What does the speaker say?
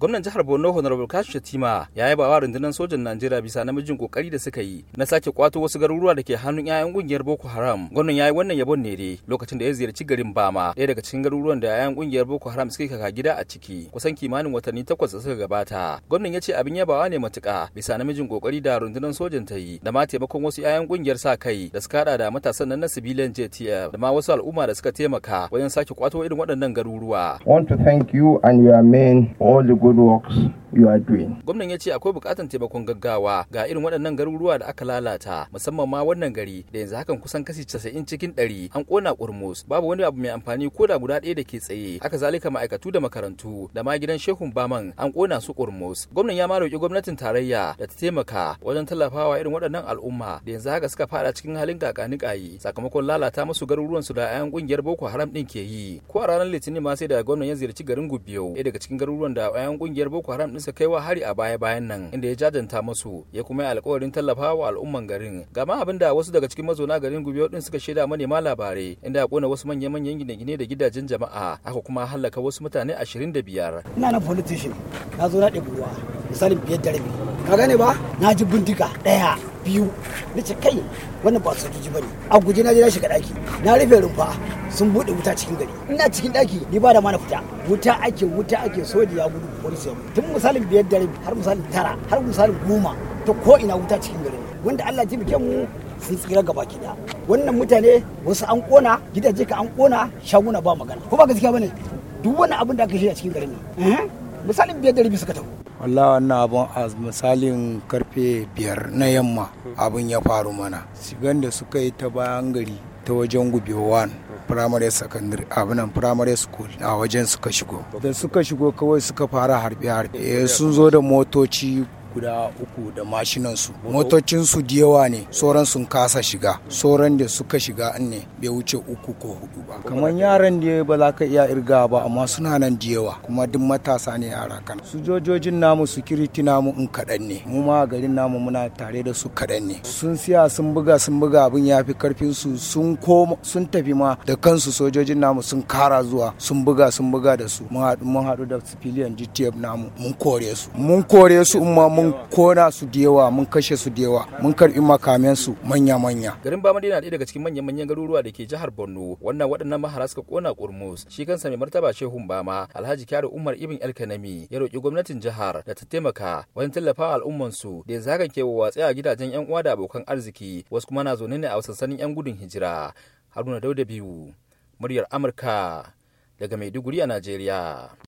gwamnan jihar borno honorable kashi shatima ya yaba wa rundunar sojan najeriya bisa namijin kokari da suka yi na sake kwato wasu garuruwa da ke hannun 'ya'yan kungiyar boko haram gwamnan ya yi wannan yabon ne dai lokacin da ya ziyarci garin bama ɗaya daga cikin garuruwan da 'ya'yan kungiyar boko haram suka kaka gida a ciki kusan kimanin watanni takwas da suka gabata gwamnan ya ce abin yabawa ne matuƙa bisa namijin kokari da rundunar sojan ta yi da ma taimakon wasu 'ya'yan kungiyar sa kai da suka hada da matasan nan na civilian jtf da ma wasu al'umma da suka taimaka wajen sake kwato irin waɗannan garuruwa. want to thank you and your men all the good Godox. you are doing. Gwamnan ya ce akwai bukatar taimakon gaggawa ga irin waɗannan garuruwa da aka lalata musamman ma wannan gari da yanzu hakan kusan kashi 90 cikin 100 an kona kurmus babu wani abu mai amfani ko da guda ɗaya da ke tsaye haka zalika ma'aikatu da makarantu da ma gidan shehun baman an kona su kurmus. Gwamnan ya ma roƙi gwamnatin tarayya da ta taimaka wajen tallafawa irin waɗannan al'umma da yanzu haka suka fada cikin halin kakanikayi sakamakon lalata musu garuruwan su da 'yan kungiyar Boko Haram ɗin ke yi. Ko a ranar Litinin ma sai da gwamnan ya ziyarci garin Gubbiyo ɗaya daga cikin garuruwan da 'yan kungiyar Boko Haram bisa kaiwa hari a baya-bayan nan inda ya jajanta masu ya kuma yi alkawarin tallafawa al'umman garin gama abin da wasu daga cikin mazauna garin gubiyo din suka shaida manema labarai inda ya kona wasu manyan manyan gine-gine da gidajen jama'a aka kuma halaka wasu mutane 25 ina nan politician na zo na ɗebi ruwa misalin biyar da rabi ka gane ba na ji bindiga ɗaya biyu na ce kai wannan ba sojoji ba ne a guje na je na shiga ɗaki na rufe rumfa sun bude wuta cikin gari ina cikin ɗaki ni ba da mana fita wuta ake wuta ake soji ya gudu wani sai tun misalin biyar dare har misalin tara har misalin goma to ko ina wuta cikin gari wanda Allah ya bikin mu sun tsira gaba kida wannan mutane wasu an kona gidaje ka an kona shaguna ba magana ko ba gaskiya bane duk wani abin da aka shirya cikin garin ne. Eh? misalin biyar dare bi suka tafi wallahi wannan abun a misalin karfe biyar na yamma abin ya faru mana shigan da suka yi ta bayan gari ta wajen gubewan primary secondary abinan primary school a wajen suka shigo da suka shigo kawai suka fara harbe harbe eh, sun zo da motoci guda uku da mashinansu motocinsu da yawa ne sauran sun kasa shiga sauran da suka shiga an ne bai wuce uku ko hudu ba kamar yaran da ba za ka iya irga ba amma suna nan da yawa kuma duk matasa ne yara kan su jojojin namu security namu in kaɗan ne mu ma garin namu muna tare da su kaɗan ne sun siya sun buga sun buga abin ya fi karfin su sun koma sun tafi ma da kansu sojojin namu sun kara zuwa sun buga sun buga da su mun haɗu da civilian GTF namu mun kore su mun kore su ma. mun kona su da yawa mun kashe su da yawa mun karbi makamen su manya manya garin bama madina ɗaya daga cikin manyan manyan garuruwa da ke jihar Borno wannan waɗannan mahara suka kona kurmus shi kansa mai martaba shehun bama Alhaji kyaru Umar Ibn Elkanami ya roki gwamnatin jihar da ta taimaka wajen tallafawa al'umman su da ya hakan ke watsi a gidajen yan uwa da abokan arziki wasu kuma na zaune ne a sansanin yan gudun hijira Haruna Dauda biyu muryar Amurka daga Maiduguri a Najeriya